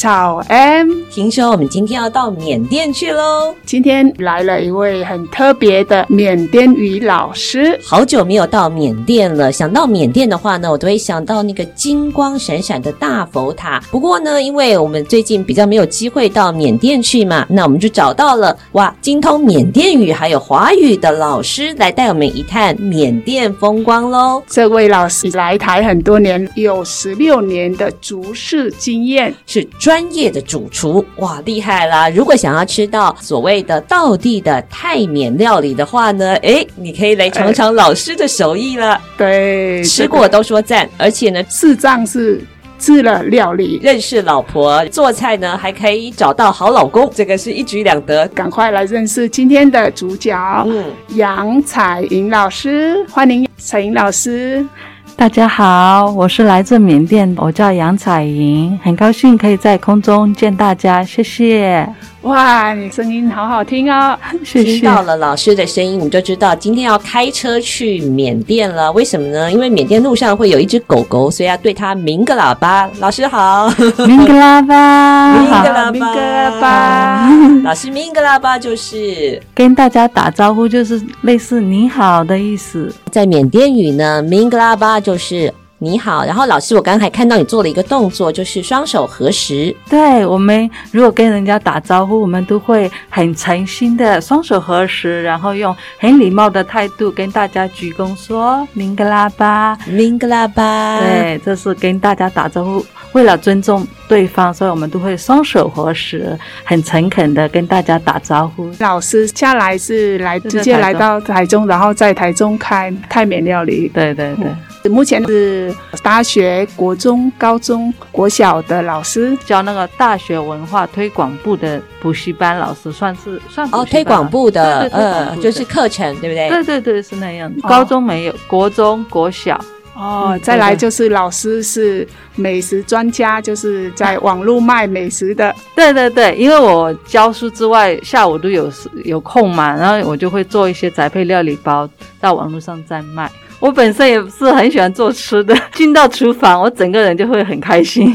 早安。聽說我們今天要到緬甸去嘍。今天來了一位很特別的緬甸語老師。好久沒有到緬甸了，想到緬甸的話呢，我都會想到那個金光閃閃的大佛塔。不過呢，因為我們最近比較沒有機會到緬甸去嘛，那我們就找到了哇，精通緬甸語還有華語的老師來帶我們一探緬甸風光嘍。這位老師來台很多年，有十六年的煮食經驗，是。專業的主廚哇，厲害啦！如果想要吃到所謂的道地的泰緬料理的話呢，誒、欸、你可以來嘗嘗老師的手藝了。欸、對，對，對，對，吃過都說讚，而且呢，智障是吃了料理認識老婆，做菜呢還可以找到好老公，這個是一舉兩得，趕快來認識今天的主角，嗯，楊采瀅老師，歡迎采瀅老師。大家好，我是來自緬甸，我叫楊采瀅，很高興可以在空中見大家，謝謝。哇，你聲音好好聽啊、哦！謝謝。聽到了老師的聲音，我們就知道今天要開車去緬甸了。為什麼呢？因為緬甸路上會有一隻狗狗，所以要對它鳴個喇叭。老師好，鳴個喇叭，鳴個喇叭，老師鳴個喇叭就是跟大家打招呼，就是類似“你好”的意思。在緬甸語呢，鳴個喇叭就就是你好，然後老師，我剛才看到你做了一個動作，就是雙手合十。對我們，如果跟人家打招呼，我們都會很誠心的雙手合十，然後用很禮貌的態度跟大家鞠躬說“明格拉巴”，“明格拉巴”。對，這是跟大家打招呼，為了尊重對方，所以我們都會雙手合十，很誠懇的跟大家打招呼。老師下來是來直接來到台中，嗯、然後在台中開泰緬料理。對對對。嗯目前是大學、國中、高中、國小的老師，教那個大學文化推廣部的補習班老師，算是算是哦，推廣部的，呃、嗯，就是課程，對不對？對對對，是那樣子、哦。高中沒有，國中、國小哦、嗯，再來就是老師是美食專家、嗯，就是在網絡賣美食的。對對對，因為我教書之外，下午都有有空嘛，然後我就會做一些宅配料理包到網絡上再賣。我本身也是很喜歡做吃的，進到廚房，我整個人就會很開心。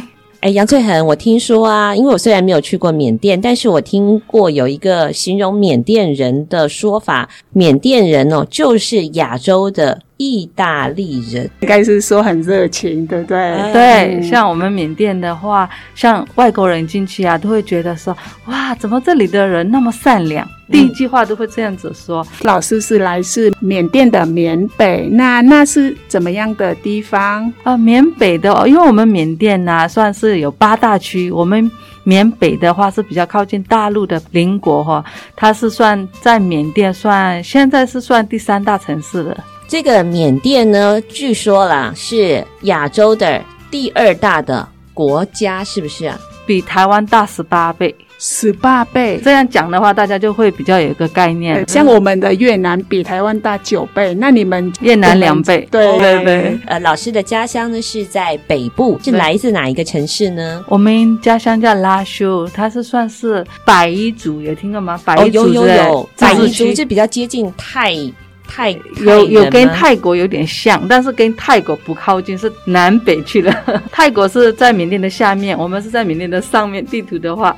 哎、欸，楊采瀅，我聽說啊，因為我雖然沒有去過緬甸，但是我聽過有一個形容緬甸人的說法，緬甸人哦、喔，就是亞洲的。意大利人應該是說很熱情，對不對、嗯？對，像我們緬甸的話，像外國人進去啊，都會覺得說：“哇，怎麼這裡的人那麼善良？”嗯、第一句話都會這樣子說：“老師是來自緬甸的緬北，那那是怎麼樣的地方啊、呃？”緬北的、哦，因為我們緬甸呢、啊，算是有八大區，我們緬北的話是比較靠近大陸的鄰國哈、哦，它是算在緬甸算現在是算第三大城市了。這個緬甸呢，據說啦，是亞洲的第二大的國家，是不是啊？比台灣大十八倍，十八倍。這樣講的話，大家就會比較有一個概念。對對，像我們的越南比台灣大九倍，那你們越南兩倍，對對對，對對。呃，老師的家鄉呢是在北部，是來自哪一個城市呢？我們家鄉叫拉蘇，它是算是擺夷族、哦哦，有聽過嗎？擺夷族有。擺夷族是比較接近泰。泰有有，跟泰國有點像，但是跟泰國不靠近，是南北去了。泰國是在緬甸的下面，我們是在緬甸的上面。地圖的話，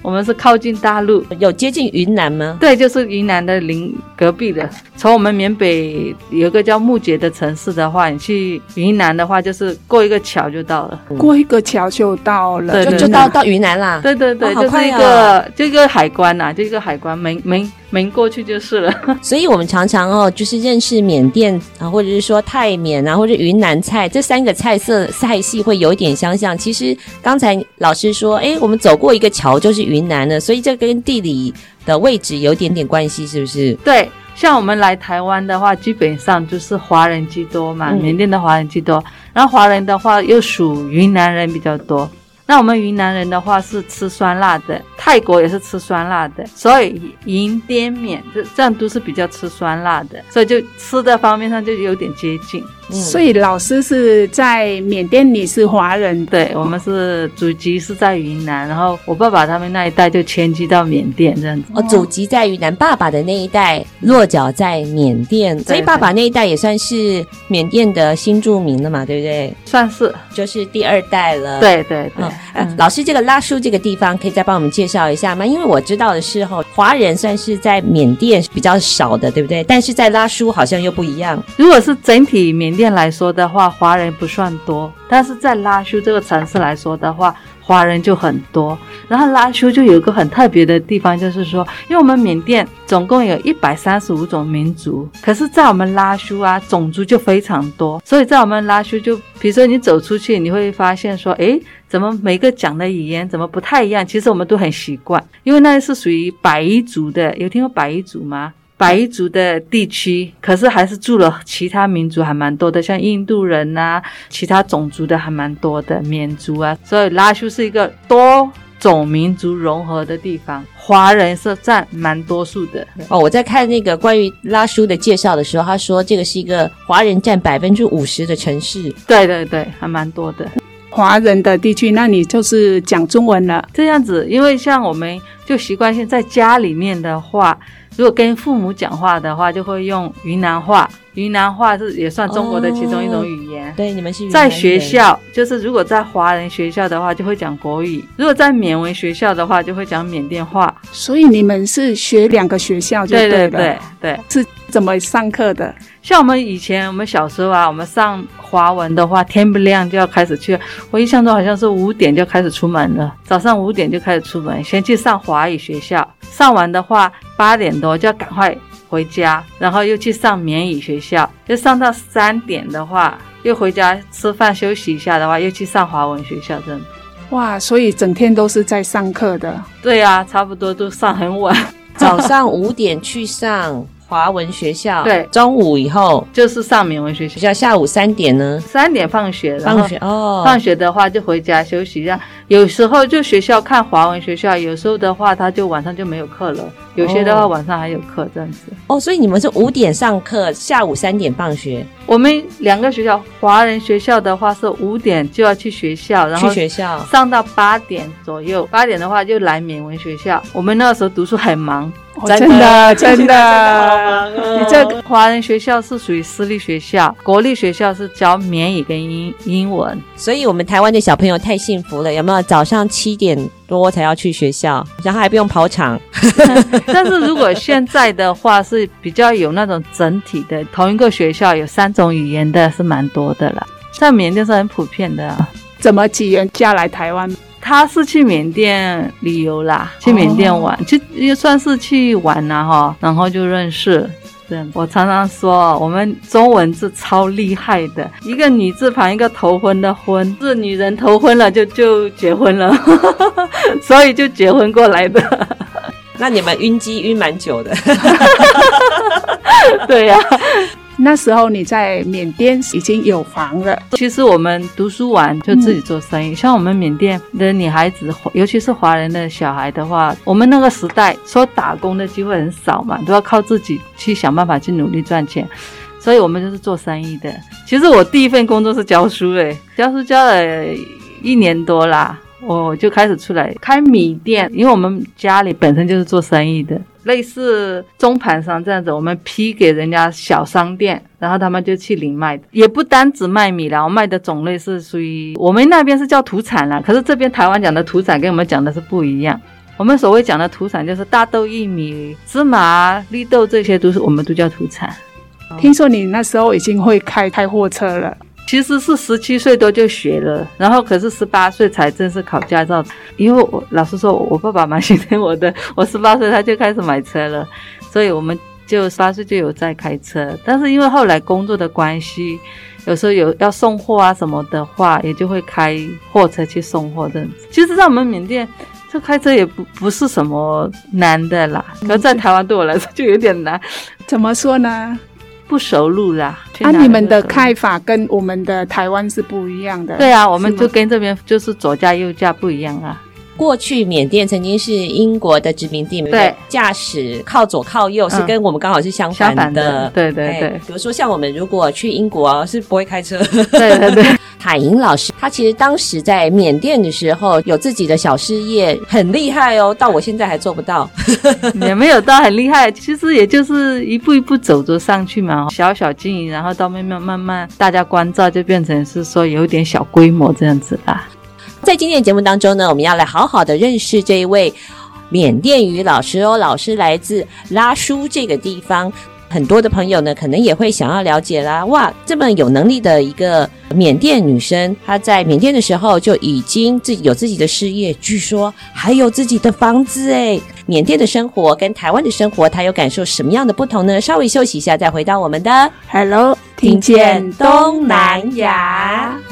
我們是靠近大陸，有接近雲南嗎？對，就是雲南的鄰隔壁的。從我們緬北有個叫木姐的城市的話，你去雲南的話，就是過一個橋就到了。嗯、過一個橋就到了，就就到到雲南啦。對對對、哦哦，就是一個，就一個海關吶、啊，就一個海關門門。沒沒門過去就是了，所以我們常常哦，就是認識緬甸啊，或者是說泰緬啊，或者雲南菜，這三個菜色菜系會有點相像。其實剛才老師說，誒、哎，我們走過一個橋就是雲南了，所以這跟地理的位置有點點關係，是不是？對，像我們來台灣的話，基本上就是華人居多嘛，緬甸的華人居多，嗯、然後華人的話又屬雲南人比較多。那我們雲南人的話是吃酸辣的，泰國也是吃酸辣的，所以雲滇緬這這樣都是比較吃酸辣的，所以就吃的方面上就有點接近。所以老師是在緬甸，你是華人？對。我們是祖籍是在雲南，然後我爸爸他們那一代就遷居到緬甸這樣子。哦，祖籍在雲南，爸爸的那一代落腳在緬甸，嗯，所以爸爸那一代也算是緬甸的新著名新住民了嘛，對不對？算是，就是第二代了。對對對，嗯嗯啊。老師，這個拉書這個地方可以再幫我們介紹一下嗎？因為我知道的是，哈，哦，華人算是在緬甸比較少的，對不對？但是在拉書好像又不一樣。如果是整體緬。緬甸來說的話，華人不算多，但是在臘戌這個城市來說的話，華人就很多。然後臘戌就有一個很特別的地方，就是說，因為我們緬甸總共有一百三十五種民族，可是在我們臘戌啊，種族就非常多。所以在我們臘戌，就比如說你走出去，你會發現說，誒，怎麼每個講的語言怎麼不太一樣？其實我們都很習慣，因為那是屬於擺夷族的。有聽過擺夷族嗎？白族的地區，可是還是住了其他民族，還蠻多的，像印度人吶、啊，其他種族的還蠻多的，緬族啊，所以拉蘇是一個多種民族融合的地方。華人是佔蠻多數的哦。我在看那個關於拉蘇的介紹的時候，他說這個是一個華人佔百分之五十的城市。對對對，還蠻多的，華人的地區，那你就是講中文了。這樣子，因為像我們就習慣性在家裡面的話，如果跟父母講話的話，就會用雲南話。雲南話是也算中國的其中一種語言。哦，對，你們是語。在學校，就是如果在華人學校的話，就會講國語；如果在緬文學校的話，就會講緬甸話。所以你們是學兩個學校，就對，對對對對，是怎麼上課的？像我們以前，我們小時候啊，我們上華文的話，天不亮就要開始去。我印象中好像是五點就開始出門了，早上五點就開始出門，先去上華語學校，上完的話八點多就要趕快。回家，然後又去上緬語學校，就上到三點的話，又回家吃飯休息一下的話，又去上華文學校，真的，哇！所以整天都是在上課的。對啊，差不多都上很晚， 早上五點去上。華文學校，對，中午以後就是上緬文學校，學校下午三點呢，三點放學，了。哦，放學的話就回家休息一下，哦。有時候就學校看華文學校，有時候的話他就晚上就沒有課了，有些的話晚上還有課、哦、這樣子。哦，所以你們是五點上課，下午三點放學？我們兩個學校，華人學校的話是五點就要去學校，然後去學校上到八點左右，八點的話就來緬文學校。我們那時候讀書很忙。哦、真的，真的。的真的哦、 你這華人學校是屬於私立學校，國立學校是教緬語跟英英文。所以，我們台灣的小朋友太幸福了，有沒有？早上七點多才要去學校，然後還不用跑場。 但是，如果現在的話，是比較有那種整體的，同一個學校有三種語言的是蠻多的了，在緬甸是很普遍的。怎麼機緣嫁來台灣？他是去緬甸旅遊啦，oh. 去緬甸玩，就也算是去玩了，啊、哈，然後就認識這樣。我常常說，我們中文字超厲害的，一個女字旁，一個頭婚的婚，是女人頭婚了就就結婚了， 所以就結婚過來的。那你們暈機暈、暈蠻久的， 對呀，啊。那時候你在緬甸已經有房了。其實我們讀書完就自己做生意，嗯。像我們緬甸的女孩子，尤其是華人的小孩的話，我們那個時代說打工的機會很少嘛，都要靠自己去想辦法去努力賺錢。所以我們就是做生意的。其實我第一份工作是教書，欸，誒，教書教了一年多啦。我、oh, 就開始出來開米店，因為我們家裡本身就是做生意的，類似中盤商這樣子，我們批給人家小商店，然後他們就去零賣的，也不單只賣米了，賣的種類是屬於我們那邊是叫土產了，可是這邊台灣講的土產跟我們講的是不一樣，我們所謂講的土產就是大豆、玉米、芝麻、綠豆這些都是我們都叫土產。聽說你那時候已經會開開貨車了？其實是十七歲多就學了，然後可是十八歲才正式考駕照。因為我老實說，我爸爸蠻心疼我的，我十八歲他就開始買車了，所以我們就十八歲就有在開車。但是因為後來工作的關係，有時候有要送貨啊什麼的話，也就會開貨車去送貨這樣子。其實，在我們緬甸，這開車也不不是什麼難的啦。可在台灣對我來說就有點難，怎麼說呢？不熟路啦，那你們的開法跟我們的台灣是不一樣的。對啊，我們就跟這邊就是左駕右駕不一樣啊。過去緬甸曾經是英國的殖民地，沒有，駕駛靠左靠右是跟我們剛好是相反的，嗯、的對對對、欸。比如說像我們如果去英國是不會開車，對對對。 海英老師他其實當時在緬甸的時候有自己的小事業，很厲害哦，到我現在還做不到， 也沒有到很厲害，其實也就是一步一步走着上去嘛，小小經營，然後到慢慢慢慢大家關照，就變成是說有點小規模這樣子吧。在今天的節目當中呢，我們要來好好的認識這一位緬甸語老師哦。老師來自拉舒這個地方，很多的朋友呢，可能也會想要了解啦。哇，這麼有能力的一個緬甸女生，她在緬甸的時候就已經自己有自己的事業，據說還有自己的房子誒。緬甸的生活跟台灣的生活，她有感受什麼樣的不同呢？稍微休息一下，再回到我們的 Hello，聽見東南亞。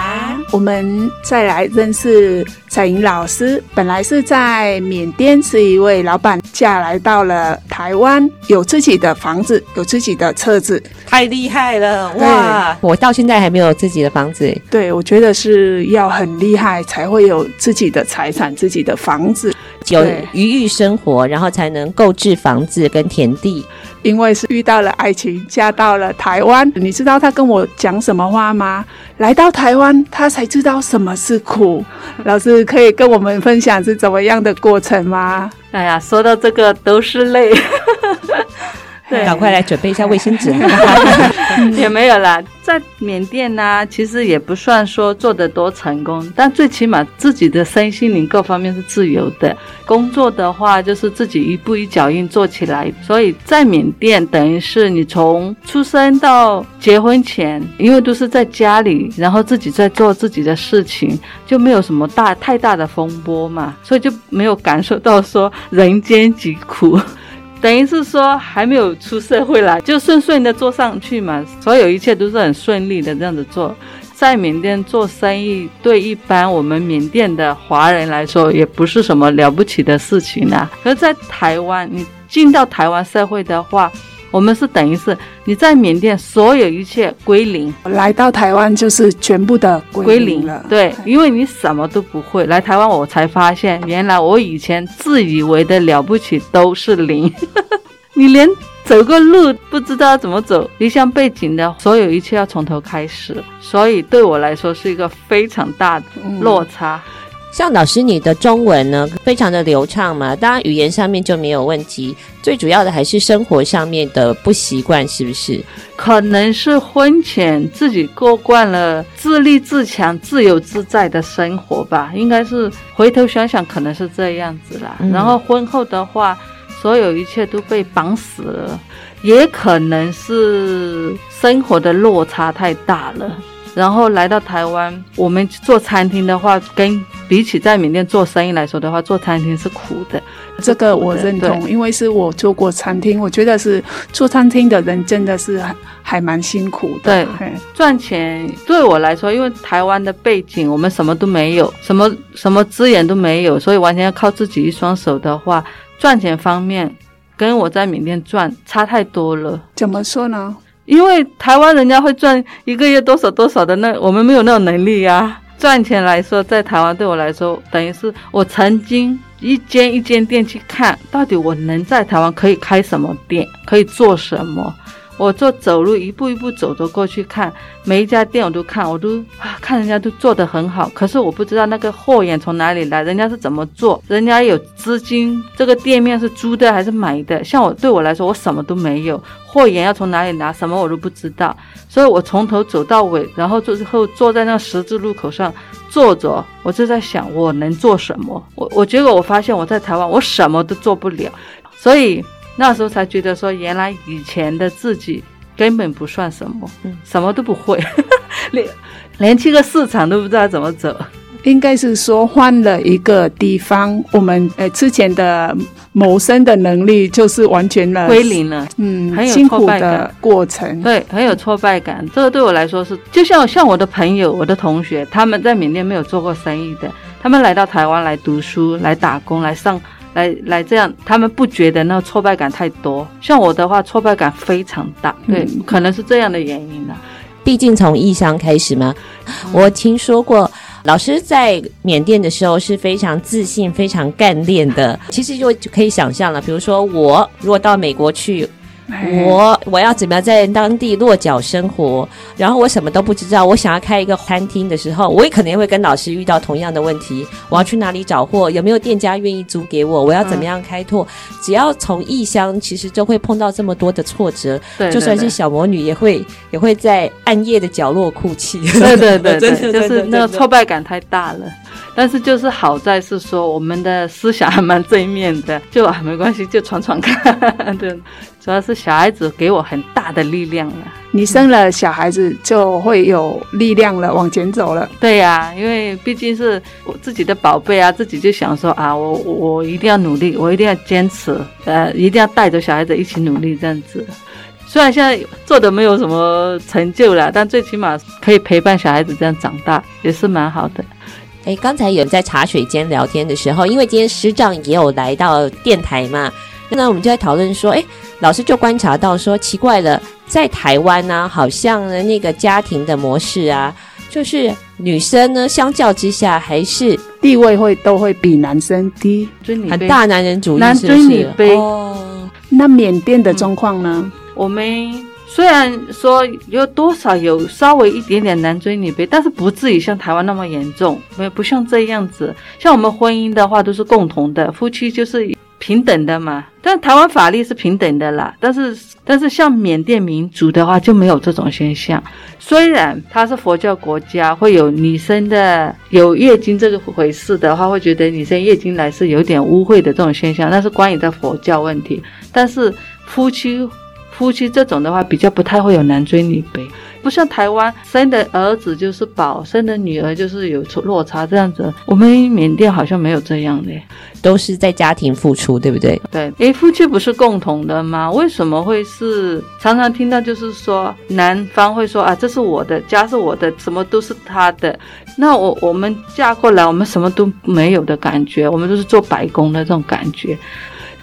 我們再來認識采瀅老師。本來是在緬甸，是一位老闆，嫁來到了台灣，有自己的房子，有自己的車子，太厲害了哇！我到現在還沒有自己的房子。對，我覺得是要很厲害，才會有自己的財產、自己的房子，有餘裕生活，然後才能購置房子跟田地。因為是遇到了愛情，嫁到了台灣。你知道他跟我講什麼話嗎？來到台灣，他才知道什麼是苦。老師可以跟我們分享是怎麼樣的過程嗎？哎呀，說到這個都是淚。 趕、嗯、快來準備一下衛生紙。 也沒有啦，在緬甸呢、啊，其實也不算說做得多成功，但最起碼自己的身心靈各方面是自由的。工作的話，就是自己一步一腳印做起來。所以在緬甸，等於是你從出生到結婚前，因為都是在家裡，然後自己在做自己的事情，就沒有什麼大太大的風波嘛，所以就沒有感受到說人間疾苦。等於是說還沒有出社會來，就順順的做上去嘛，所有一切都是很順利的這樣子做。在緬甸做生意，對一般我們緬甸的華人來說，也不是什麼了不起的事情啊。可是在台灣，你進到台灣社會的話。我們是等於是你在緬甸所有一切歸零，來到台灣就是全部的歸零了。對，因為你什麼都不會，來台灣，我才發現原來我以前自以為的了不起都是零。你連走個路不知道怎麼走，一向背景的所有一切要從頭開始，所以對我來說是一個非常大的落差，嗯。像老師，你的中文呢，非常的流暢嘛。當然，語言上面就沒有問題。最主要的還是生活上面的不習慣，是不是？可能是婚前自己過慣了自立自強、自由自在的生活吧。應該是回頭想想，可能是這樣子啦。嗯。然後婚後的話，所有一切都被綁死了。也可能是生活的落差太大了。然後來到台灣，我們做餐廳的話，跟比起在緬甸做生意來說的話，做餐廳是苦的。這個我認同，因為是我做過餐廳，我覺得是做餐廳的人真的是還，嗯，還蠻辛苦的。對，嗯，賺錢對我來說，因為台灣的背景，我們什麼都沒有，什麼什麼資源都沒有，所以完全要靠自己一雙手的話，賺錢方面跟我在緬甸賺差太多了。怎麼說呢？因為台灣人家會賺一個月多少多少的那，那我們沒有那種能力呀、啊。賺錢來說，在台灣對我來說，等於是我曾經一間一間店去看，到底我能在台灣可以開什麼店，可以做什麼。我做走路，一步一步走着過去看每一家店，我都看，我都啊看人家都做得很好，可是我不知道那個貨源從哪裡來，人家是怎麼做，人家有資金，這個店面是租的還是買的？像我對我來說，我什麼都沒有，貨源要從哪裡拿，什麼我都不知道，所以我從頭走到尾，然後最後坐在那十字路口上坐着，我就在想我能做什麼。我我結果我發現我在台灣我什麼都做不了，所以。那時候才覺得說，原來以前的自己根本不算什麼，嗯、什麼都不會， 連連去個市場都不知道怎麼走。應該是說換了一個地方，我們、欸、之前的謀生的能力就是完全的歸零了。嗯，很有挫敗，辛苦的過程，對，很有挫敗感。這個對我來說是，就像像我的朋友、我的同學，他們在緬甸沒有做過生意的，他們來到台灣來讀書、來打工、來上。來來，來這樣，他們不覺得那挫敗感太多。像我的話，挫敗感非常大，對，可能是這樣的原因呢、啊嗯。畢竟從異鄉開始嘛，我聽說過老師在緬甸的時候是非常自信、非常幹練的。其實就可以想象了，比如說我如果到美國去。我我要怎麼樣在當地落腳生活？然後我什麼都不知道。我想要開一個餐廳的時候，我也可能會跟老師遇到同樣的問題。我要去哪裡找貨？有沒有店家願意租給我？我要怎麼樣開拓？嗯，只要從異鄉，其實都會碰到這麼多的挫折。對，就算是小魔女，也會也會在暗夜的角落哭泣。 對對對對， 對、就是、對對對，就是那個挫敗感太大了。但是就是好在是說我們的思想還蠻正面的，就、啊、沒關係，就闖闖看。 對，主要是小孩子給我很大的力量了。你生了小孩子就會有力量了，往前走了。對呀、啊，因為畢竟是我自己的寶貝啊，自己就想說啊，我我一定要努力，我一定要堅持，呃，一定要帶着小孩子一起努力這樣子。雖然現在做的沒有什麼成就了，但最起碼可以陪伴小孩子這樣長大，也是蠻好的。哎，剛才有人在茶水間聊天的時候，因為今天師長也有來到電台嘛，那我們就在討論說，哎，老師就觀察到說，奇怪了，在台灣呢、啊，好像呢那個家庭的模式啊，就是女生呢，相較之下還是，是，是地位會都會比男生低，很大男人主義，男尊女卑哦，那緬甸的狀況呢？嗯、我們。雖然說有多少有稍微一點點男尊女卑，但是不至於像台灣那麼嚴重，不，不像這樣子。像我們婚姻的話，都是共同的，夫妻就是平等的嘛。但台灣法律是平等的啦，但是，但是像緬甸民族的話就沒有這種現象。雖然它是佛教國家，會有女生的有月經這個回事的話，會覺得女生月經來是有點污穢的這種現象，那是關於到佛教問題。但是夫妻。夫妻這種的話比較不太會有男尊女卑，不像台灣生的兒子就是寶，生的女兒就是有落差這樣子。我們緬甸好像沒有這樣的，都是在家庭付出，對不對？對，誒，夫妻不是共同的嗎？為什麼會是常常聽到就是說男方會說啊，這是我的家是我的，什麼都是他的。那我我們嫁過來，我們什麼都沒有的感覺，我們都是做白工的這種感覺。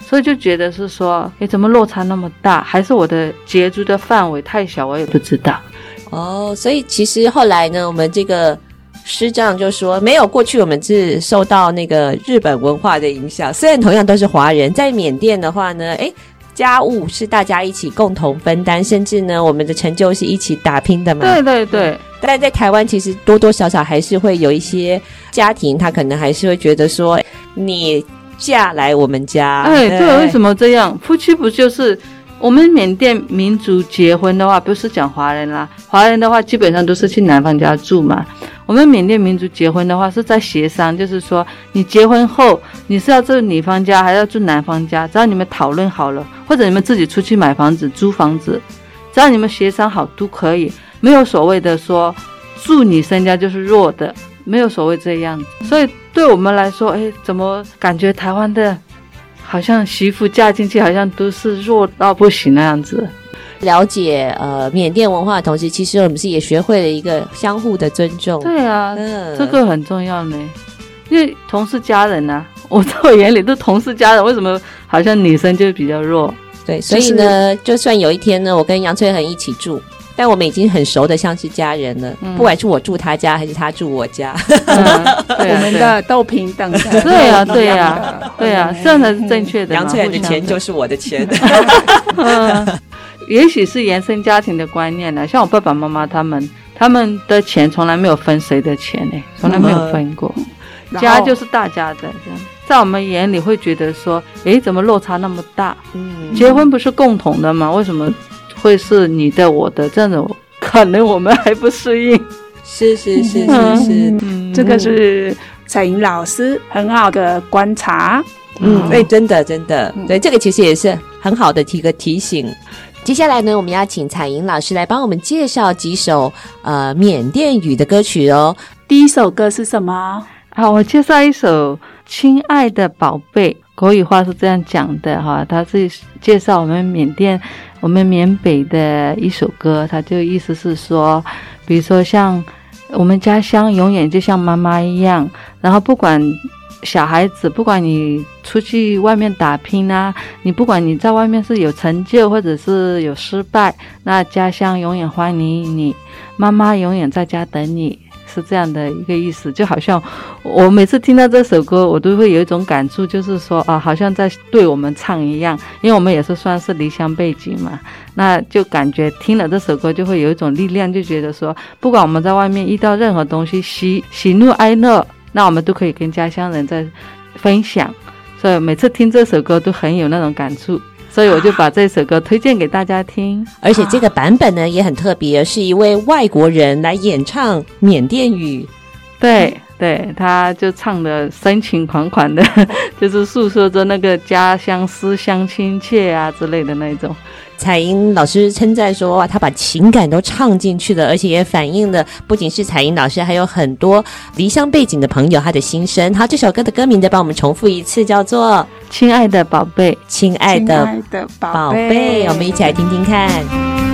所以就覺得是說，誒，怎麼落差那麼大？還是我的接觸的範圍太小？我也不知道。哦，所以其實後來呢，我們這個師長就說，沒有過去，我們是受到那個日本文化的影響。雖然同樣都是華人，在緬甸的話呢，誒，家務是大家一起共同分擔，甚至呢，我們的成就是一起打拼的嘛。對對對。嗯，但在台灣，其實多多少少還是會有一些家庭，他可能還是會覺得說，你。嫁來我們家，哎，對，為什麼這樣？夫妻不就是我們緬甸民族結婚的話，不是講華人啦。華人的話，基本上都是去男方家住嘛。我們緬甸民族結婚的話是在協商，就是說你結婚後你是要住女方家，還是要住男方家，只要你們討論好了，或者你們自己出去買房子、租房子，只要你們協商好都可以，沒有所謂的說住女方家就是弱的。沒有所謂這樣，所以對我們來說，哎，怎麼感覺台灣的，好像媳婦嫁進去好像都是弱到不行那樣子？了解呃緬甸文化的同時，其實我們是也學會了一個相互的尊重。對啊，嗯、這個很重要呢，因為同是家人吶、啊，我在我眼裡都同是家人，為什麼好像女生就比較弱？對，所以呢，就，是、就算有一天呢，我跟楊采瀅一起住。但我們已經很熟的，像是家人了，嗯。不管是我住他家還是他住我家，我們的都平等。對啊，對啊，對啊，這樣才是正確的。楊、嗯、翠的錢就是我的錢。嗯嗯嗯、也許是原生家庭的觀念呢。像我爸爸媽媽他們，他們的錢從來沒有分誰的錢呢、欸，從來沒有分過。嗯嗯、家就是大家的這樣，在我們眼裡會覺得說，誒，怎麼落差那麼大？嗯、結婚不是共同的嗎？為什麼？會是你的我的這樣，可能我們還不適應。是是是是是、是，嗯嗯，這個是采瀅老師、嗯、很好的觀察。嗯，對、欸，真的真的、嗯，對，這個其實也是很好的一個提醒。接下來呢，我們要請采瀅老師來幫我們介紹幾首呃緬甸語的歌曲哦。第一首歌是什麼？好，我介紹一首《親愛的寶貝》，國語話是這樣講的哈，它是介紹我們緬甸。我們緬北的一首歌，它就意思是說，比如說像我們家鄉永遠就像媽媽一樣，然後不管小孩子，不管你出去外面打拼吶，你不管你在外面是有成就或者是有失敗，那家鄉永遠歡迎你，媽媽永遠在家等你。是這樣的一個意思，就好像我每次聽到這首歌，我都會有一種感觸，就是說啊，好像在對我們唱一樣，因為我們也是算是離鄉背景嘛，那就感覺聽了這首歌就會有一種力量，就覺得說不管我們在外面遇到任何東西，喜喜怒哀樂，那我們都可以跟家鄉人在分享，所以每次聽這首歌都很有那種感觸。所以我就把這首歌推薦給大家聽，而且這個版本呢，也很特別，是一位外國人來演唱緬甸語，對。嗯對，他就唱的深情款款的， 就是訴說着那個家鄉思鄉親切啊之類的那種。采瀅老師稱讚說，哇，他把情感都唱進去了，而且也反映了不僅是采瀅老師，還有很多離鄉背景的朋友他的心聲。好，這首歌的歌名再幫我們重複一次，叫做《親愛的寶貝》親愛的寶貝，親愛的寶貝，親愛的寶貝，我們一起來聽聽看。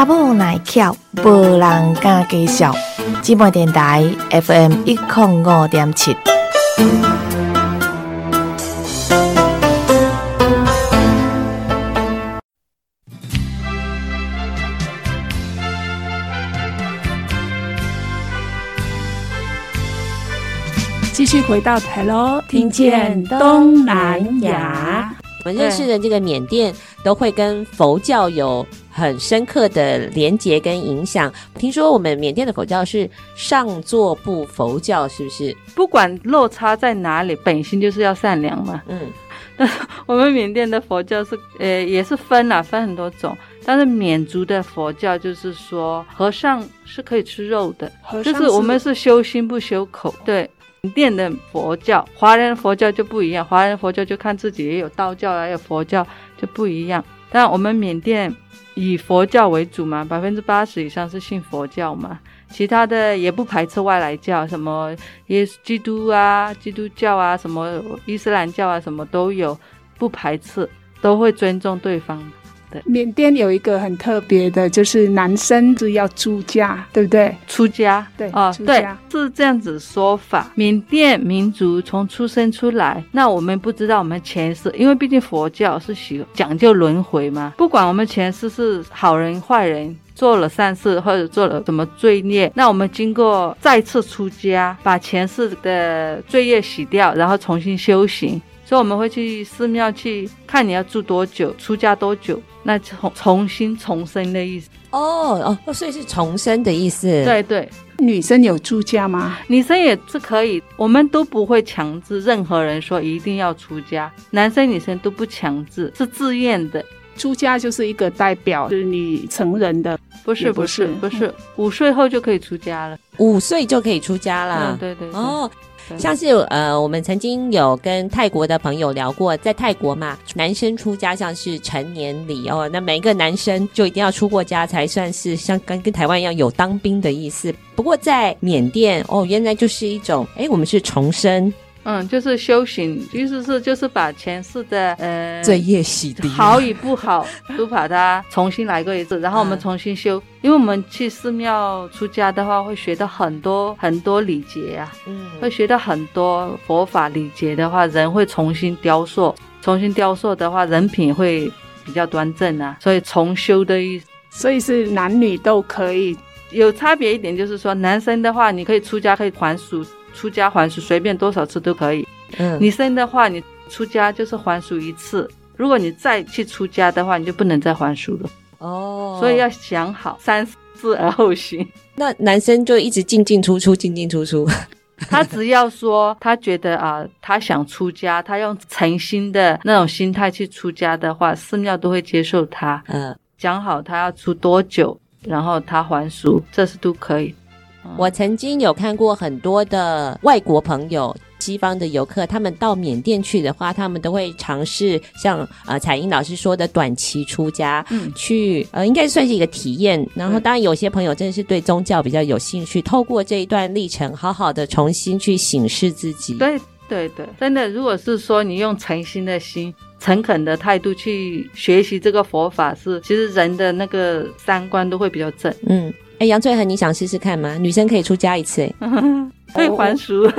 阿母奶巧，無人敢介紹。芝柏電台 FM 一九五點七。繼續回到台嘍，聽見東南亞。我們認識的這個緬甸都會跟佛教有很深刻的連結跟影響。聽說我們緬甸的佛教是上座部佛教，是不是？不管落差在哪裡，本心就是要善良嘛。嗯，但是我們緬甸的佛教是呃也是分了分很多種，但是緬族的佛教就是說，和尚是可以吃肉的。和尚，就是我們是修心不修口。對。緬甸的佛教，華人佛教就不一樣。華人佛教就看自己，也有道教啊，也有佛教就不一樣。但我們緬甸以佛教為主嘛，百分之八十以上是信佛教嘛，其他的也不排斥外來教，什麼耶穌基督啊、基督教啊、什麼伊斯蘭教啊，什麼都有，不排斥，都會尊重對方。緬甸有一個很特別的，就是男生就要出家，對不對？出家，對啊、哦，對，是這樣子說法。緬甸民族從出生出來，那我們不知道我們前世，因為畢竟佛教是喜講究輪迴嘛。不管我們前世是好人壞人，做了善事或者做了什麼罪孽，那我們經過再次出家，把前世的罪業洗掉，然後重新修行。所以我們會去寺廟去看你要住多久，出家多久，那重、重新、重生的意思。哦哦，所以是重生的意思。對對，女生有出家嗎？女生也是可以，我們都不會強制任何人說一定要出家，男生女生都不強制，是自願的。出家就是一個代表是你成人的，不是不是不是，嗯、五歲後就可以出家了，五歲就可以出家啦、嗯。對對，對哦。像是呃，我們曾經有跟泰國的朋友聊過，在泰國嘛，男生出家像是成年禮哦，那每一個男生就一定要出過家才算是像跟跟台灣一樣有當兵的意思。不過在緬甸哦，原來就是一種誒、欸，我們是重生。嗯，就是修行，意思是就是把前世的呃罪業洗滌，好與不好， 都把它重新來過一次，然後我們重新修、嗯。因為我們去寺廟出家的話，會學到很多很多禮節啊，嗯，會學到很多佛法禮節的話，人會重新雕塑，重新雕塑的話，人品會比較端正啊。所以重修的意思，所以是男女都可以，有差別一點就是說，男生的話你可以出家，可以還俗。出家還俗，隨便多少次都可以。嗯，女生的話，你出家就是還俗一次，如果你再去出家的話，你就不能再還俗了。哦，所以要想好，三思而後行。那男生就一直進進出出，進進出出。 他只要說他覺得啊，他想出家，他用誠心的那種心態去出家的話，寺廟都會接受他。嗯，講好他要出多久，然後他還俗，這是都可以。我曾經有看過很多的外國朋友、西方的遊客，他們到緬甸去的話，他們都會嘗試像呃采瀅老師說的短期出家，嗯、去呃應該是算是一個體驗。然後當然有些朋友真的是對宗教比較有興趣，嗯、透過這一段歷程，好好的重新去省視自己。對對對，真的，如果是說你用誠心的心、誠懇的態度去學習這個佛法是，是其實人的那個三觀都會比較正。嗯。哎，楊采瀅，你想試試看嗎？女生可以出家一次，欸，哎、哦，會還俗，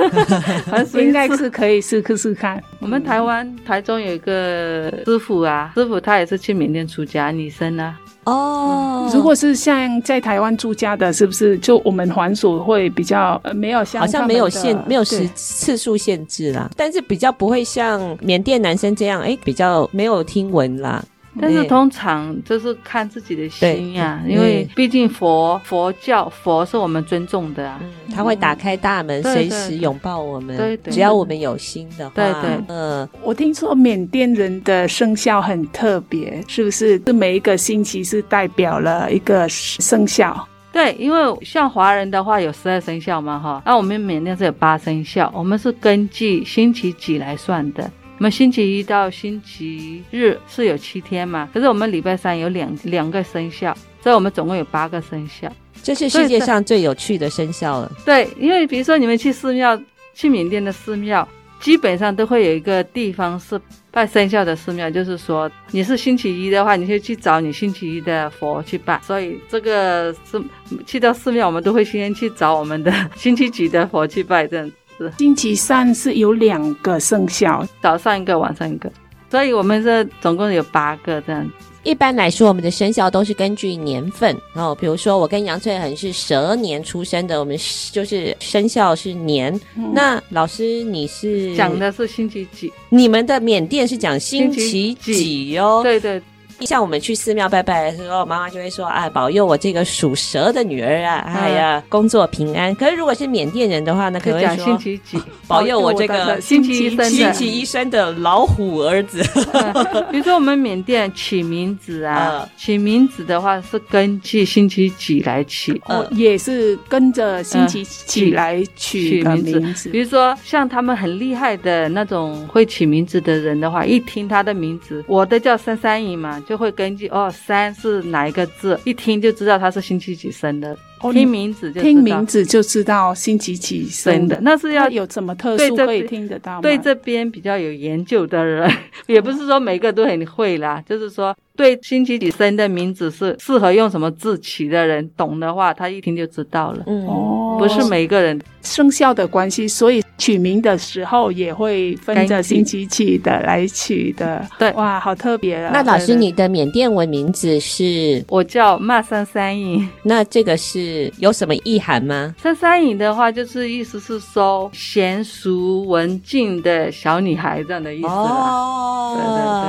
還俗應該是可以試試看。 我們台灣台中有一個師傅啊，師傅他也是去緬甸出家，女生呢？啊？哦，嗯，如果是像在台灣出家的，是不是就我們還俗會比較、嗯，呃沒有像好像沒有限沒有時次數限制啦，但是比較不會像緬甸男生這樣，哎、欸，比較沒有聽聞啦。但是通常就是看自己的心呀、啊，因為畢竟佛佛教佛是我們尊重的啊，啊、嗯，他會打開大門，隨時擁抱我們。對,對對，只要我們有心的話。對對,對，嗯、呃，我聽說緬甸人的生肖很特別，是不是？是每一個星期是代表了一個生肖。對，因為像華人的話有十二生肖嘛哈，那、啊、我們緬甸是有八生肖，我們是根據星期幾來算的。我們星期一到星期日是有七天嘛，可是我們禮拜三有兩兩個生肖，所以我們總共有八個生肖，這是世界上最有趣的生肖了。對，對，因為比如說你們去寺廟，去緬甸的寺廟，基本上都會有一個地方是拜生肖的寺廟，就是說你是星期一的話，你就去找你星期一的佛去拜，所以這個是去到寺廟，我們都會先去找我們的星期幾的佛去拜這樣子。是星期三是有兩個生肖，早上一個，晚上一個，所以我們這總共有八個這樣。一般來說，我們的生肖都是根據年份，然後比如說我跟楊采瀅是蛇年出生的，我們就是生肖是年。嗯、那老師你是講的是星期幾？你們的緬甸是講星期幾喲、哦？對對，對。像我們去寺廟拜拜的時候，媽媽就會說：“啊、哎，保佑我這個屬蛇的女兒啊，哎呀，嗯、工作平安。”可是如果是緬甸人的話呢，那可以講星期幾，保佑我這個星期三星期一生的老虎兒子、嗯。比如說我們緬甸取名字啊、嗯，取名字的話是根據星期幾來取，哦嗯、也是跟着星期幾、嗯、起來取名字，起起名字。比如說像他們很厲害的那種會取名字的人的話，一聽他的名字，我的叫三三姨嘛。就會根據哦，三是哪一個字，一聽就知道他是星期幾生的。Oh, 聽名字就知道，聽名字就知道星期幾生的，那是要有什麼特殊可以聽得到嗎對？對這邊比較有研究的人，哦、也不是說每個都很會啦，就是說對星期幾生的名字是適合用什麼字取的人，懂的話他一聽就知道了。哦、嗯，oh, 不是每個人生肖的關係，所以取名的時候也會跟着星期幾的來取的、嗯。對，哇，好特別啊！那老師，你的緬甸文名字是？我叫瑪桑三影。那這個是？有什麼意涵嗎？三三影的話，就是意思是說嫻熟文靜的小女孩這樣的意思啦。哦，對對對、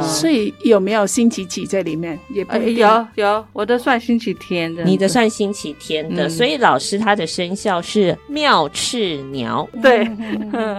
嗯。所以有沒有星期幾在裡面？欸、有有，我都算星期天的。你的算星期天的、嗯，所以老師他的生肖是妙翅鳥、嗯。對，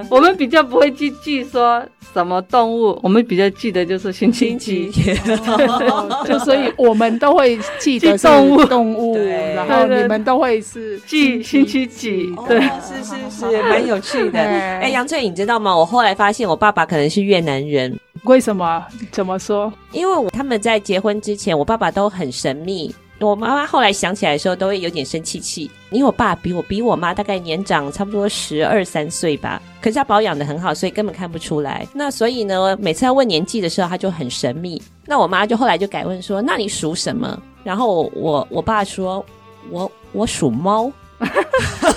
我們比較不會去記，記說什麼動物，我們比較記得就是星期幾。星期天 oh, 就所以我們都會記， 記得動物動物。對，然後你們都會是記星期，星期幾？對，哦、是是是，蠻有趣的。哎，楊采瀅你知道嗎？我後來發現，我爸爸可能是越南人。為什麼？怎麼說？因為他們在結婚之前，我爸爸都很神秘。我媽媽後來想起來的時候，都會有點生氣氣。因為我爸比我比我媽大概年長差不多十二三歲吧，可是他保養得很好，所以根本看不出來。那所以呢，每次要問年紀的時候，他就很神秘。那我媽就後來就改問說：“那你屬什麼？”然後我我爸說。我我屬貓，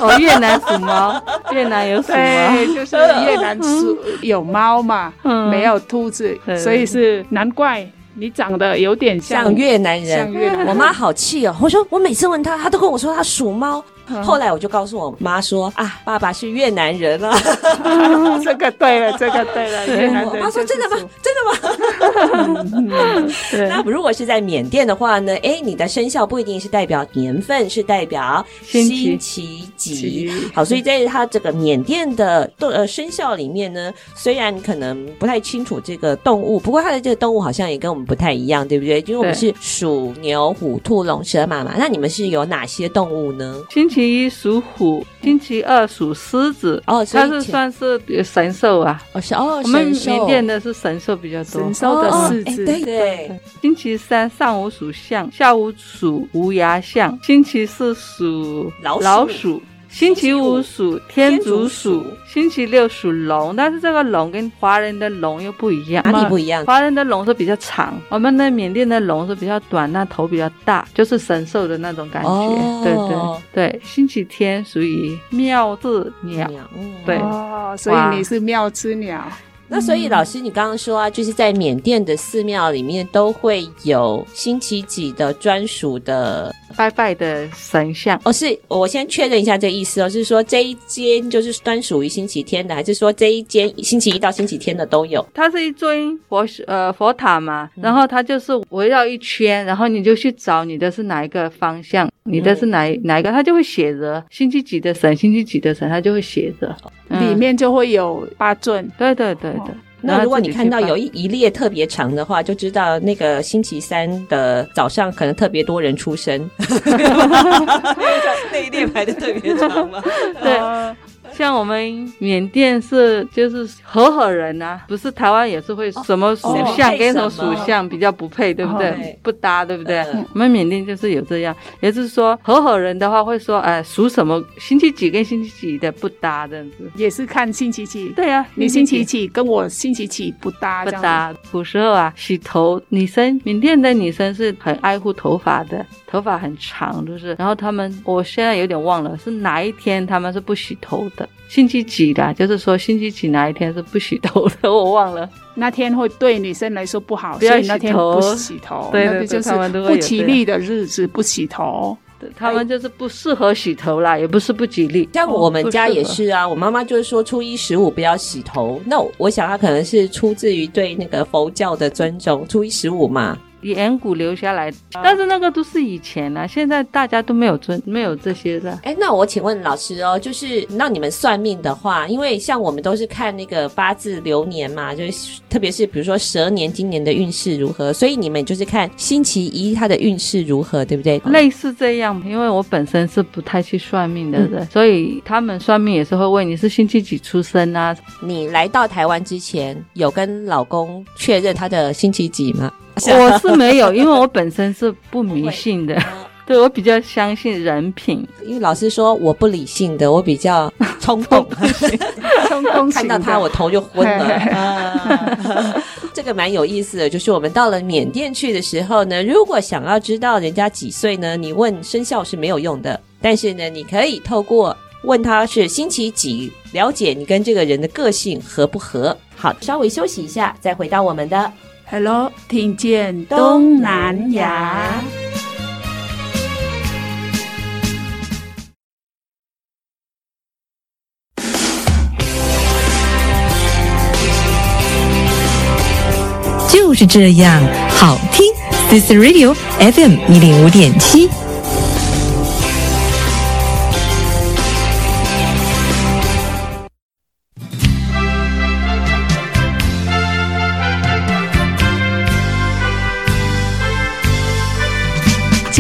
哦，越南屬貓， 越南有屬貓，就是越南屬 有貓嘛、嗯，沒有兔子、嗯，所以是難怪你長得有點像，像越南人。像越南， 我媽好氣哦、喔，我說我每次問她，她都跟我說她屬貓。後來我就告訴我媽說啊，爸爸是越南人了、啊。 這個對了，這個對了。 嗯、我媽說真的嗎？真的嗎？ 嗯嗯、那如果是在緬甸的話呢？哎、欸，你的生肖不一定是代表年份，是代表星期幾。好，所以在他這個緬甸的動呃生肖裡面呢，雖然可能不太清楚這個動物，不過他的這個動物好像也跟我們不太一樣，對不對？因為我們是鼠、牛、虎、兔、龍、蛇、馬嘛。那你們是有哪些動物呢？星期一屬虎，星期二屬獅子，哦，它是算是神獸啊。哦，我們緬甸的是神獸比較多，神獸的獅子。哦、對,對,對，星期三上午屬象，下午屬無牙象。哦、星期四屬老鼠。老鼠星期五屬天竺鼠，星期六屬龍，但是這個龍跟華人的龍又不一樣哪裡不一樣？華人的龍是比較長，我們的緬甸的龍是比較短，那頭比較大，就是神獸的那種感覺。哦、對對對，星期天屬於妙智鳥，嗯、對哦，所以你是妙之鳥。那所以老師，你剛剛說啊、嗯，就是在緬甸的寺廟裡面都會有星期幾的專屬的拜拜的神像。哦，是，我先確認一下這個意思哦，是說這一間就是專屬於星期天的，還是說這一間星期一到星期天的都有？它是一尊佛，呃，佛塔嘛，然後它就是圍繞一圈，然後你就去找你的是哪一個方向。你的是哪哪一個？他就會寫着星期幾的神，星期幾的神，他就會寫着、嗯，裡面就會有八尊。對對對對，對。那如果你看到有一一列特別長的話，就知道那個星期三的早上可能特別多人出生 ，那一列排得特別長嘛。 對。像我們緬甸是就是合夥人吶、啊，不是台灣也是會什麼屬相跟什麼屬相比較不配，對不對？不搭，對不對？我們緬甸就是有這樣，也就是說合夥人的話會說，哎、呃，屬什麼星期幾跟星期幾的不搭這樣子，也是看星期幾。對啊，你星期，星期幾跟我星期幾不搭，不搭。古時候啊，洗頭，女生緬甸的女生是很愛護頭髮的，頭髮很長，就是，然後他們，我現在有點忘了是哪一天他們是不洗頭的。星期幾啦，就是說星期幾哪一天是不洗頭的，我忘了。那天會對女生來說不好，不要洗頭，所以那天不洗頭，對，對，對，那個，就是不吉利的日子不洗頭。他們就是不適合洗頭啦、哎，也不是不吉利。像我們家也是啊，我媽媽就是說初一十五不要洗頭。哦、那我想，她可能是出自於對那個佛教的尊重。初一十五嘛。遠古留下來，但是那個都是以前啊，現在大家都沒有尊沒有這些的。哎、欸，那我請問老師哦，就是那你們算命的話，因為像我們都是看那個八字流年嘛，就是特別是比如說蛇年今年的運勢如何，所以你們就是看星期一它的運勢如何，對不對、嗯？類似這樣，因為我本身是不太去算命的人、嗯，所以他們算命也是會問你是星期幾出生啊？你來到台灣之前有跟老公確認他的星期幾嗎？ 我是沒有，因為我本身是不迷信的。 對，我比較相信人品，因為老師說，我不理性的，我比較衝動。 衝動，衝 看到他我頭就昏了。 這個蠻有意思的，就是我們到了緬甸去的時候呢，如果想要知道人家幾歲呢，你問生肖是沒有用的。但是呢，你可以透過問他是星期幾，了解你跟這個人的個性合不合。好，稍微休息一下，再回到我們的。Hello，聽見東南亞，就是這樣好聽。This Radio FM 一零五點七。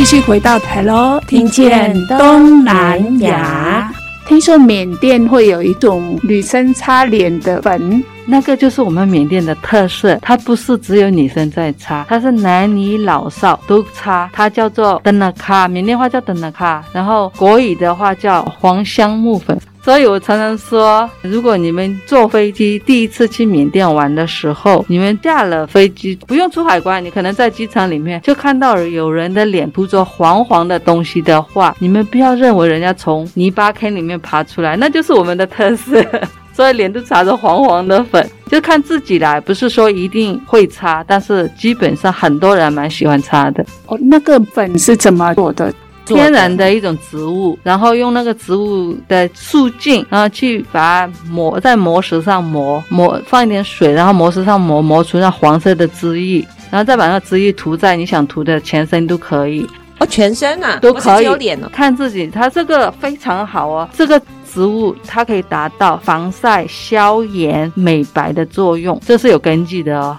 繼續回到台咯，聽見東南亞。聽說緬甸會有一種女生擦臉的粉，那個就是我們緬甸的特色。它不是只有女生在擦，它是男女老少都擦。它叫做燈納卡，緬甸話叫燈納卡，然後國語的話叫黃香木粉。所以我常常說，如果你們坐飛機第一次去緬甸玩的時候，你們下了飛機不用出海關，你可能在機場裡面就看到有人的臉塗着黃黃的東西的話，你們不要認為人家從泥巴坑裡面爬出來，那就是我們的特色。 所以臉都擦着黃黃的粉，就看自己啦，不是說一定會擦，但是基本上很多人蠻喜歡擦的。哦，那個粉是怎麼做的？天然的一種植物，然後用那個植物的素淨，然後去把它磨在磨石上磨磨，放一點水，然後磨石上磨磨出那黃色的汁液，然後再把那個汁液塗在你想塗的全身都可以。哦，全身啊，都可以，看自己。它這個非常好哦，這個植物它可以達到防曬、消炎、美白的作用，這是有根據的哦。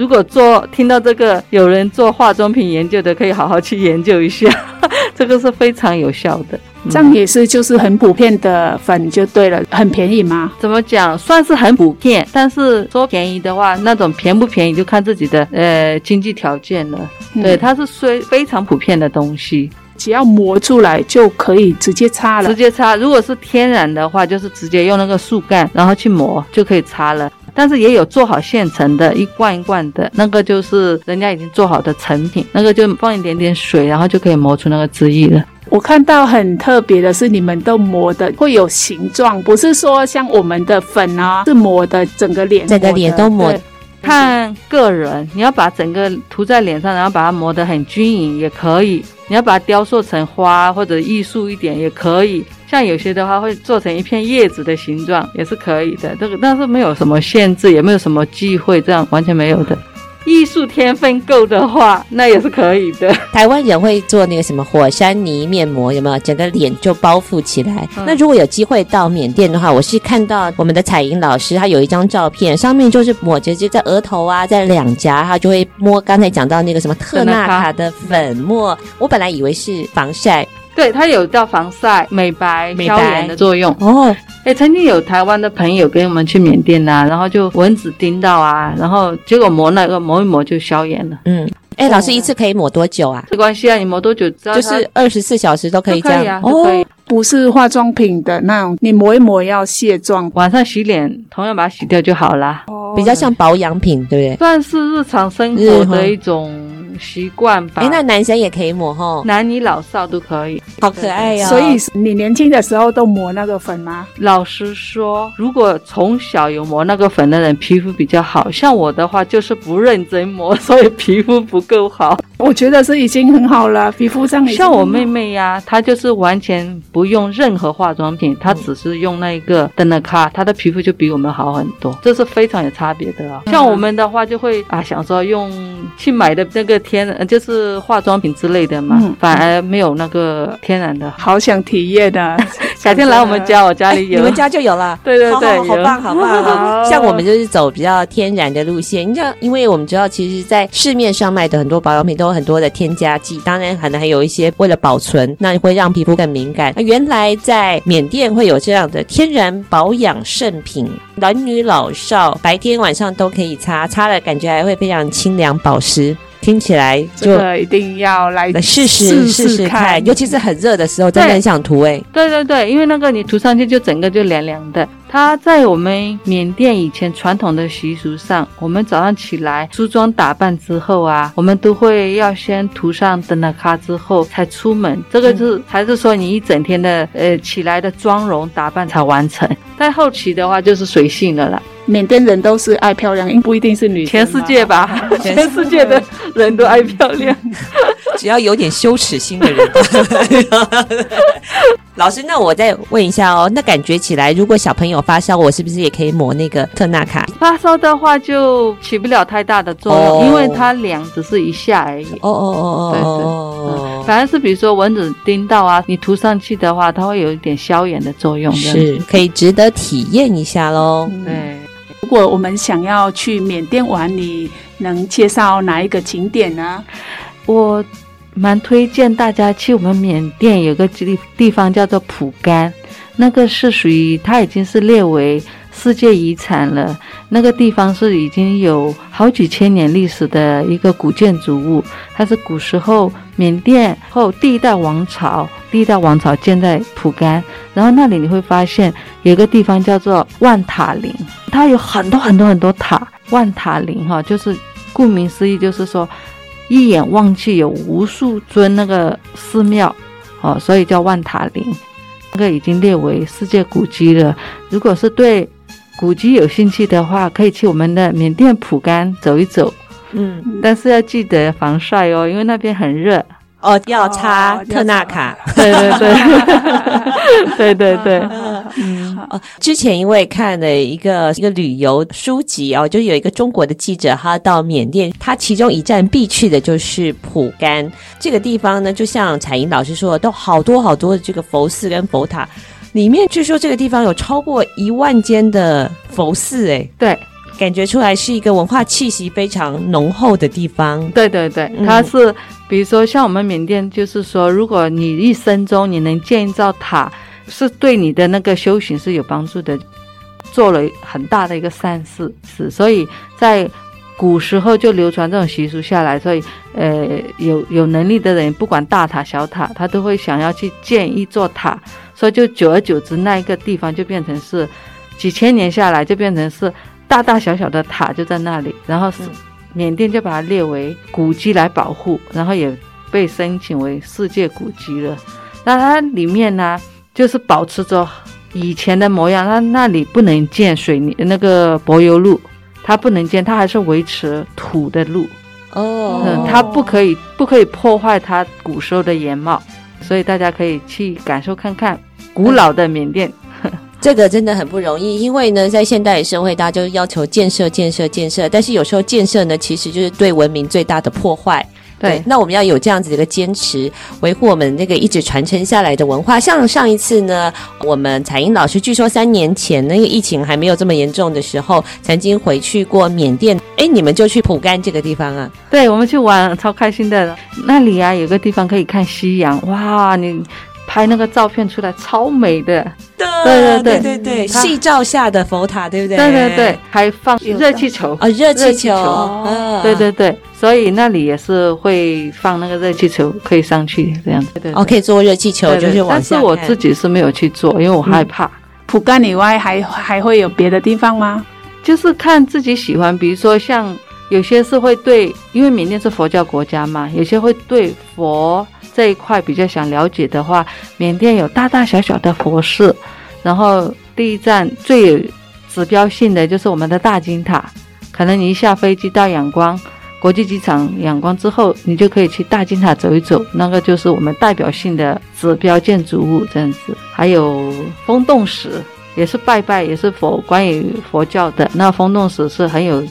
如果做聽到這個有人做化妝品研究的，可以好好去研究一下， 這個是非常有效的。這樣也是、嗯、就是很普遍的粉就對了，很便宜嗎？怎麼講？算是很普遍，但是說便宜的話，那種便不便宜就看自己的呃經濟條件了。嗯、對，它是雖非常普遍的東西，只要磨出來就可以直接擦了。直接擦，如果是天然的話，就是直接用那個樹幹，然後去磨就可以擦了。但是也有做好現成的，一罐一罐的，那個就是人家已經做好的成品，那個就放一點點水，然後就可以磨出那個汁液了。我看到很特別的是，你們都磨的會有形狀，不是說像我們的粉啊，哦，是磨的整個臉，整個臉磨的都磨的。看個人，你要把整個塗在臉上，然後把它磨得很均勻也可以；你要把它雕塑成花或者藝術一點也可以。像有些的話，會做成一片葉子的形狀，也是可以的。這個但是沒有什麼限制，也沒有什麼忌諱，這樣完全沒有的。藝術天分夠的話，那也是可以的。台灣人會做那個什麼火山泥面膜，有沒有？整個臉就包覆起來。嗯、那如果有機會到緬甸的話，我是看到我們的采瀅老師，他有一張照片，上面就是抹着就在額頭啊，在兩頰，他就會摸剛才講到那個什麼特納卡的粉末。嗯、我本來以為是防曬。對，它有叫防曬、美白、美白消炎的作用哦、oh.。曾經有台灣的朋友跟我們去緬甸吶、啊，然後就蚊子叮到啊，然後結果抹那個抹一抹就消炎了。嗯，哎、oh.，老師一次可以抹多久啊？沒關係啊，你抹多久，就是二十四小時都可以這樣。哦、啊，對 oh, 不是化妝品的那種，你抹一抹要卸妝，晚上洗臉同樣把它洗掉就好啦。哦、oh.，比較像保養品，對不對？算是日常生活的一種。習慣吧。哎，那男生也可以抹哈？哦，男女老少都可以，好可愛呀、哦。所以你年輕的時候都抹那個粉嗎？老師說，如果從小有抹那個粉的人，皮膚比較好。像我的話，就是不認真抹，所以皮膚不夠好。我覺得是已經很好了，皮膚上像我妹妹呀、啊，她就是完全不用任何化妝品，她只是用那一個燈的卡，她的皮膚就比我們好很多，這是非常有差別的啊。嗯、像我們的話，就會啊想說用去買的這個天然就是化妝品之類的嘛，嗯、反而沒有那個天然的好想體驗吶、啊， 改天來我們家，我家裡有、哎，你們家就有了，對對對，好棒好，好，好棒，好棒、哦。像我們就是走比較天然的路線，你知道，因為我們知道，其實，在市面上賣的很多保養品都。很多的添加劑，當然可能還有一些為了保存，那會讓皮膚更敏感。原來在緬甸會有這樣的天然保養聖品，男女老少白天晚上都可以擦，擦了感覺還會非常清涼保濕。聽起來就來試試、這個、一定要來試試試試看，尤其是很熱的時候，嗯、真的很想塗誒。對對對，因為那個你塗上去就整個就涼涼的。它在我們緬甸以前傳統的習俗上，我們早上起來梳妝打扮之後啊，我們都會要先塗上登達卡之後才出門。這個是還、嗯、是說你一整天的呃起來的妝容打扮才完成，但後期的話就是隨性的了。緬甸人都是愛漂亮，不一定是女，全世界吧， 全世界的人都愛漂亮， 只要有點羞恥心的人。 老師，那我再問一下哦，那感覺起來，如果小朋友發燒，我是不是也可以抹那個特納卡？發燒的話就起不了太大的作用，oh. 因為它涼，只是一下而已。哦哦哦哦，對對、嗯、反而是比如說蚊子叮到啊，你塗上去的話，它會有一點消炎的作用，是 可以值得體驗一下嘍。對。如果我們想要去緬甸玩，你能介紹哪一個景點呢？我蠻推薦大家去我們緬甸有個地地方叫做蒲甘，那個是屬於，它已經是列為。世界遺產了。那個地方是已經有好幾千年歷史的一個古建築物，它是古時候緬甸後第一代王朝，第一代王朝建在蒲甘。然後那裡你會發現有一個地方叫做萬塔林，它有很多很多很多塔。萬塔林哈、哦，就是顧名思義，就是說一眼望去有無數尊那個寺廟，哦，所以叫萬塔林。這、那個已經列為世界古蹟了。如果是對。古籍有興趣的話，可以去我們的緬甸蒲甘走一走。嗯，但是要記得防曬哦，因為那邊很熱。哦，要擦特納卡。哦、 對對對， 對對對。嗯、哦，好。好好嗯哦、之前因為看了一個一個旅遊書籍哦，就有一個中國的記者，他到緬甸，他其中一站必去的就是蒲甘、嗯、這個地方呢，就像采瀅老師說的，都好多好多的這個佛寺跟佛塔。裡面據說這個地方有超過一萬間的佛寺，哎，對，感覺出來是一個文化氣息非常濃厚的地方。對對對，嗯、它是，比如說像我們緬甸，就是說如果你一生中你能建造塔，是對你的那個修行是有幫助的，做了很大的一個善事。是，所以在古時候就流傳這種習俗下來，所以呃，有有能力的人，不管大塔小塔，他都會想要去建一座塔。所以就久而久之，那一個地方就變成是，幾千年下來就變成是大大小小的塔就在那裡。然後是緬甸就把它列為古蹟來保護，然後也被申請為世界古蹟了。那它裡面呢，就是保持着以前的模樣。那那裡不能建水泥那個柏油路，它不能建，它還是維持土的路。哦，嗯，它不可以不可以破壞它古時候的原貌，所以大家可以去感受看看。古老的緬甸， 這個真的很不容易，因為呢，在現代的社會，大家就要求建設、建設、建設，但是有時候建設呢，其實就是對文明最大的破壞。對，對那我們要有這樣子的一個堅持，維護我們那個一直傳承下來的文化。像上一次呢，我們采瀅老師，據說三年前那個疫情還沒有這麼嚴重的時候，曾經回去過緬甸。誒，你們就去蒲甘這個地方啊？對，我們去玩，超開心的。那裡啊，有個地方可以看夕陽，哇，你。拍那個照片出來超美的，對對對對對，夕、嗯、照下的佛塔，對不對？對對對，還放熱氣球啊、哦，熱氣球，熱氣球、哦，對對對，所以那裡也是會放那個熱氣球，可以上去這樣子，對對對。哦，可以坐熱氣球對對、就是，但是我自己是沒有去做，因為我害怕。普、嗯、甘里外還還會有別的地方嗎？就是看自己喜歡，比如說像有些是會對，因為緬甸是佛教國家嘛，有些會對佛。這一塊比較想了解的話，緬甸有大大小小的佛寺。然後第一站最有指標性的就是我們的大金塔，可能你一下飛機到仰光國際機場仰光之後，你就可以去大金塔走一走，那個就是我們代表性的指標建築物這樣子。還有風洞石，也是拜拜，也是佛，關於佛教的。那風洞石是很有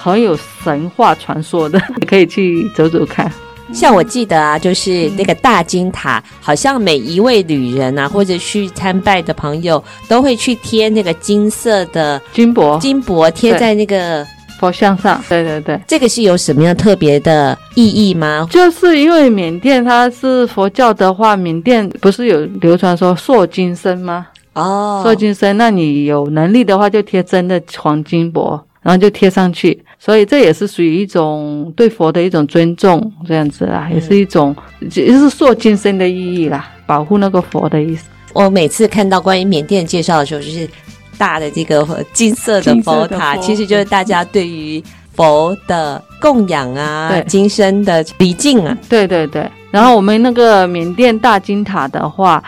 很有神話傳說的，你可以去走走看。像我記得啊，就是那個大金塔，好像每一位旅人啊，或者去參拜的朋友，都會去貼那個金色的金箔，金箔貼在那個佛像上。對對對，這個是有什麼樣特別的意義嗎？就是因為緬甸它是佛教的話，緬甸不是有流傳說“塑金身”嗎？哦，塑金身，那你有能力的話，就貼真的黃金箔。然後就貼上去，所以這也是屬於一種對佛的一種尊重，這樣子啦，嗯、也是一種就是塑金身的意義啦，保護那個佛的意思。我每次看到關於緬甸介紹的時候，就是大的這個金色的佛塔的佛，其實就是大家對於佛的供養啊，對，金身的禮敬啊。對對對，然後我們那個緬甸大金塔的話，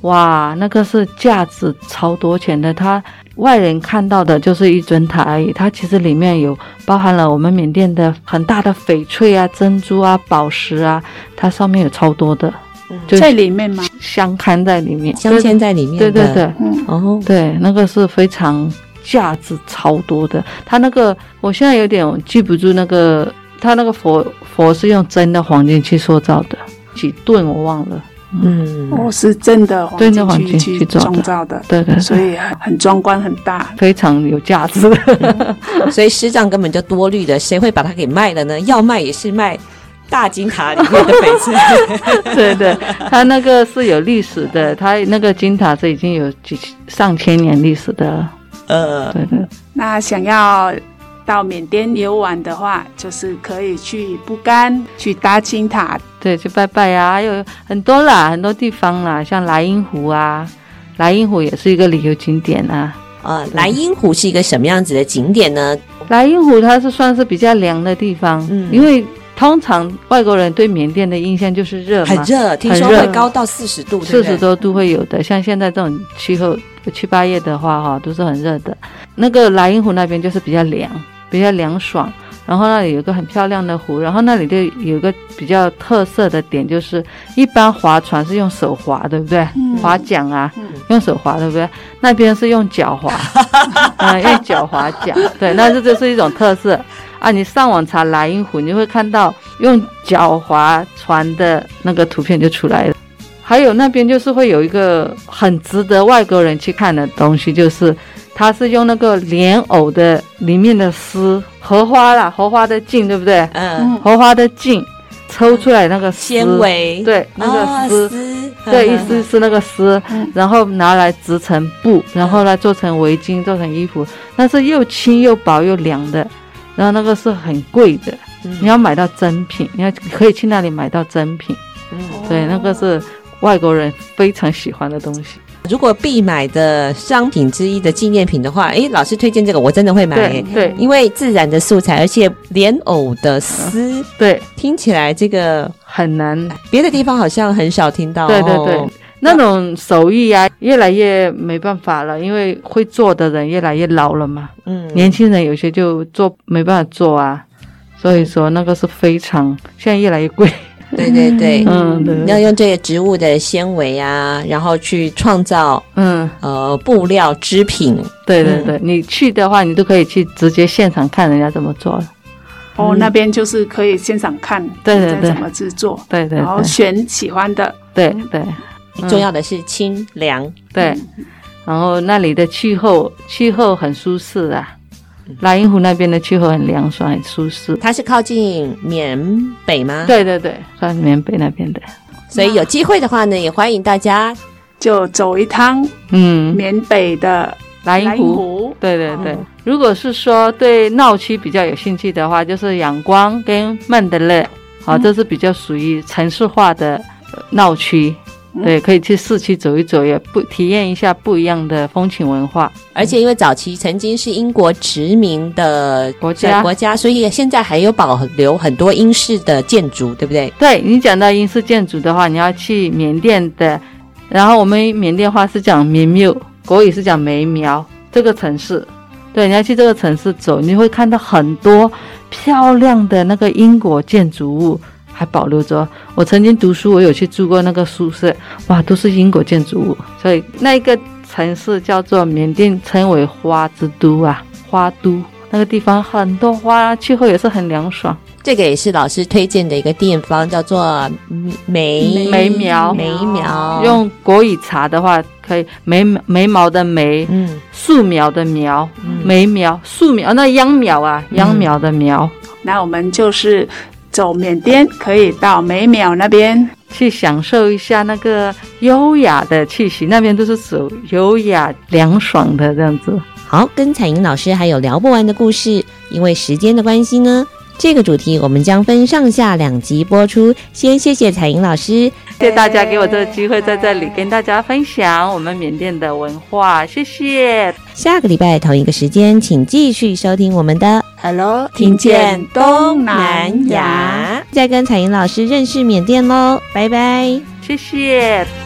哇，那個是價值超多錢的，它。外人看到的就是一尊塔而已，它其實裡面有包含了我們緬甸的很大的翡翠啊、珍珠啊、寶石啊，它上面有超多的。就在裡面嗎？鑲嵌在裡面，鑲嵌在裡面。對對對，哦、嗯，對，那個是非常價值超多的。它那個我現在有點記不住那個，它那個佛佛是用真的黃金去塑造的幾噸，我忘了。嗯，我、哦、是真的，黃金，對那黃金去去鑄造的，對的，所以很壯觀，很大，非常有價值。 所以師長根本就多慮的，誰會把它給賣了呢？要賣也是賣大金塔裡面的翡翠。 對，對對，它那個是有歷史的，它那個金塔是已經有幾千上千年歷史的，呃，對的。那想要。到緬甸遊玩的話，就是可以去蒲甘去大金塔，對，去拜拜啊，有很多啦，很多地方啦，像萊茵湖啊，萊茵湖也是一個旅遊景點啊。呃，萊茵湖是一個什麼樣子的景點呢？萊茵湖、嗯、它是算是比較涼的地方、嗯，因為通常外國人對緬甸的印象就是熱，很熱，聽說會高到四十度對不對，四十多度會有的。像現在這種氣候七八月的話、哦，哈，都是很熱的。那個萊茵湖那邊就是比較涼。比較涼爽，然後那裡有一個很漂亮的湖，然後那裡就有一個比較特色的點，就是一般划船是用手划，對不對？嗯、划槳啊、嗯，用手划，對不對？那邊是用腳划，啊、 呃，用腳划槳，對，那是就是一種特色啊。你上網查茵萊湖，你會看到用腳划船的那個圖片就出來了。還有那邊就是會有一個很值得外國人去看的東西，就是。它是用那個蓮藕的裡面的絲，荷花啦，荷花的莖，對不對？嗯，荷花的莖抽出來那個絲纖維，對，那個絲，哦、絲對，一絲一絲那個絲，嗯、然後拿來織成布，然後來做成圍巾、嗯，做成衣服，但是又輕又薄又涼的，然後那個是很貴的，嗯、你要買到真品，你要可以去那裡買到真品，嗯，對，那個是外國人非常喜歡的東西。如果必買的商品之一的紀念品的話，哎，老師推薦這個，我真的會買、欸對。對，因為自然的素材，而且蓮藕的絲，嗯、對，聽起來這個很難，別的地方好像很少聽到。對對對，哦、那種手藝呀、啊，越來越沒辦法了，因為會做的人越來越老了嘛。嗯。年輕人有些就做沒辦法做啊，所以說那個是非常現在越來越貴。對對對，嗯，你要用這些植物的纖維啊、嗯，然後去創造，嗯，呃，布料織品。對對對，嗯、你去的話，你都可以去直接現場看人家怎麼做哦、嗯，那邊就是可以現場看，對對對，怎麼製作，對對，對對，然後選喜歡的，對對，對、嗯，重要的是清涼、嗯，對，然後那裡的氣候氣候很舒適啊。藍茵湖那邊的氣候很涼爽，很舒適。它是靠近緬北嗎？對對對，靠近緬北那邊的。所以有機會的話呢，也歡迎大家、嗯、就走一趟，嗯，緬北的藍茵湖，湖。對對對、哦，如果是說對鬧區比較有興趣的話，就是仰光跟曼德勒，啊、嗯，這是比較屬於城市化的鬧區。對，可以去市區走一走，也不體驗一下不一樣的風情文化。而且因為早期曾經是英國殖民的、的國家，國家，所以現在還有保留很多英式的建築，對不對？對，你講到英式建築的話，你要去緬甸的，然後我們緬甸話是講咪謬，國語是講眉苗這個城市。對，你要去這個城市走，你會看到很多漂亮的那個英國建築物。還保留着我曾經讀書，我有去住過那個宿舍，哇，都是英國建築物，所以那個城市叫做緬甸，稱為花之都啊，花都，那個地方很多花，氣候也是很涼爽。這個也是老師推薦的一個地方，叫做眉眉苗眉苗。用國語查的話，可以眉眉毛的眉，嗯，樹苗的苗，嗯、眉苗樹苗，那秧苗啊，秧、嗯、苗的苗。那我們就是。走緬甸可以到梅秒那邊去享受一下那個優雅的氣息，那邊都是走優雅涼爽的這樣子。好，跟采瀅老師還有聊不完的故事，因為時間的關係呢，這個主題我們將分上下兩集播出。先謝謝采瀅老師。謝謝大家給我這個機會，在這裡跟大家分享我們緬甸的文化。謝謝。下個禮拜同一個時間，請繼續收聽我們的《Hello》，聽見東南，東南亞，再跟采瀅老師認識緬甸嘍。拜拜，謝謝。